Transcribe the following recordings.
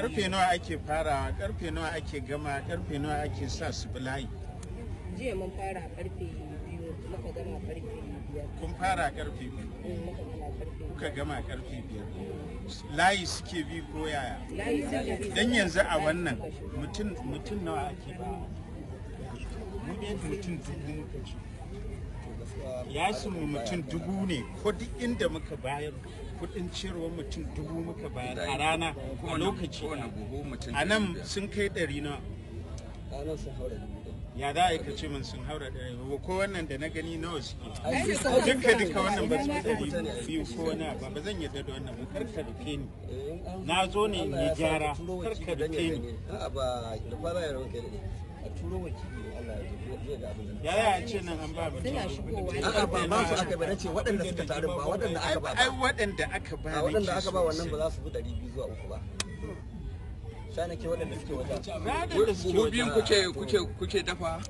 karfe nawa ake fara karfe nawa ake gama karfe nawa ake sa su bulayi jiya mun fara karfe biyu muka gama karfe biyar kun fara karfe biyu eh, kuka gama karfe biyar eh. layi suke bi ko yaya dan yanzu a wannan mutum mutum nawa ake ba mu ne mutum dubu ya su mutum dubu ne ko duk inda muka bayar kudin ciyarwar mutum dubu muka bayar a rana a lokaci a nan sun kai ɗari na ya za a yi kace min sun haura ɗari ba ko wannan da na gani nawa suke duka duka wannan ba su ɗari biyu ko wani abu ba zan yarda da wannan ba kar ka rufe ni eh, na zo ne in yi gyara kar ka rufe ni yaya ce nan an ba mutum a'a ba ba su aka bane ce waɗanda suka tarin ba waɗanda aka ba ai waɗanda aka ba waɗanda aka ba wannan ba za su fi ɗari biyu zuwa uku ba shanake waɗanda suke wajen kuke kuke kuke dafa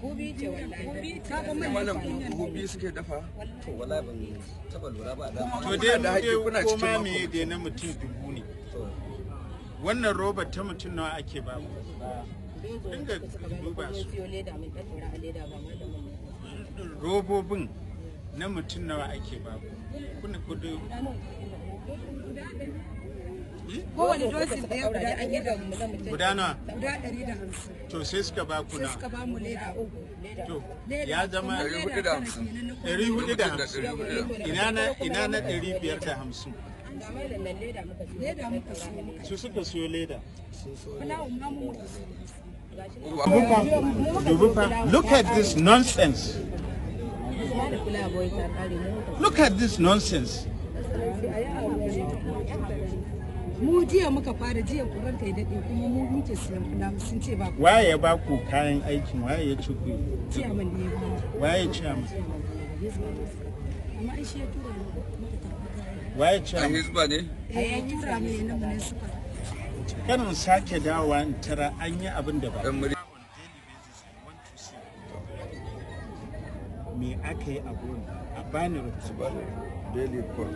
hubi ce wallahi wannan suke dafa to wallahi ban taba lura ba da to dai da hakki kuna cikin kuma me dai na mutum dubu ne wannan robar ta mutum nawa ake ba mu robobin na mutum nawa ake babu kuna kudu hmm? kowane dosin da ya guda nawa guda to sai suka ba kuna to ya zama ɗari hudu da ina na ɗari biyar da su suka siyo leda look at this nonsense look at this nonsense mu jiya muka fara jiya kuran kai daɗe kuma waye ya ba kayan aikin waye ya ku waye waye ce hizba ne eh, kanin sake dawowa in tara an yi abin da ba me aka yi a gurin a bani rubutu daily court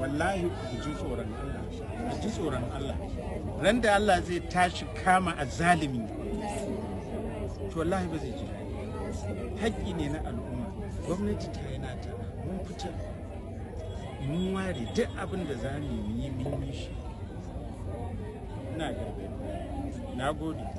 wallahi ku ji tsoron Allah ku ji tsoron Allah ran da Allah zai tashi kama a zalimi to wallahi ba zai ji haƙƙi ne na al'umma gwamnati ta yi nata mun fitar mun ware duk abin da za mu yi mun yi shi ina gargaɗi na gode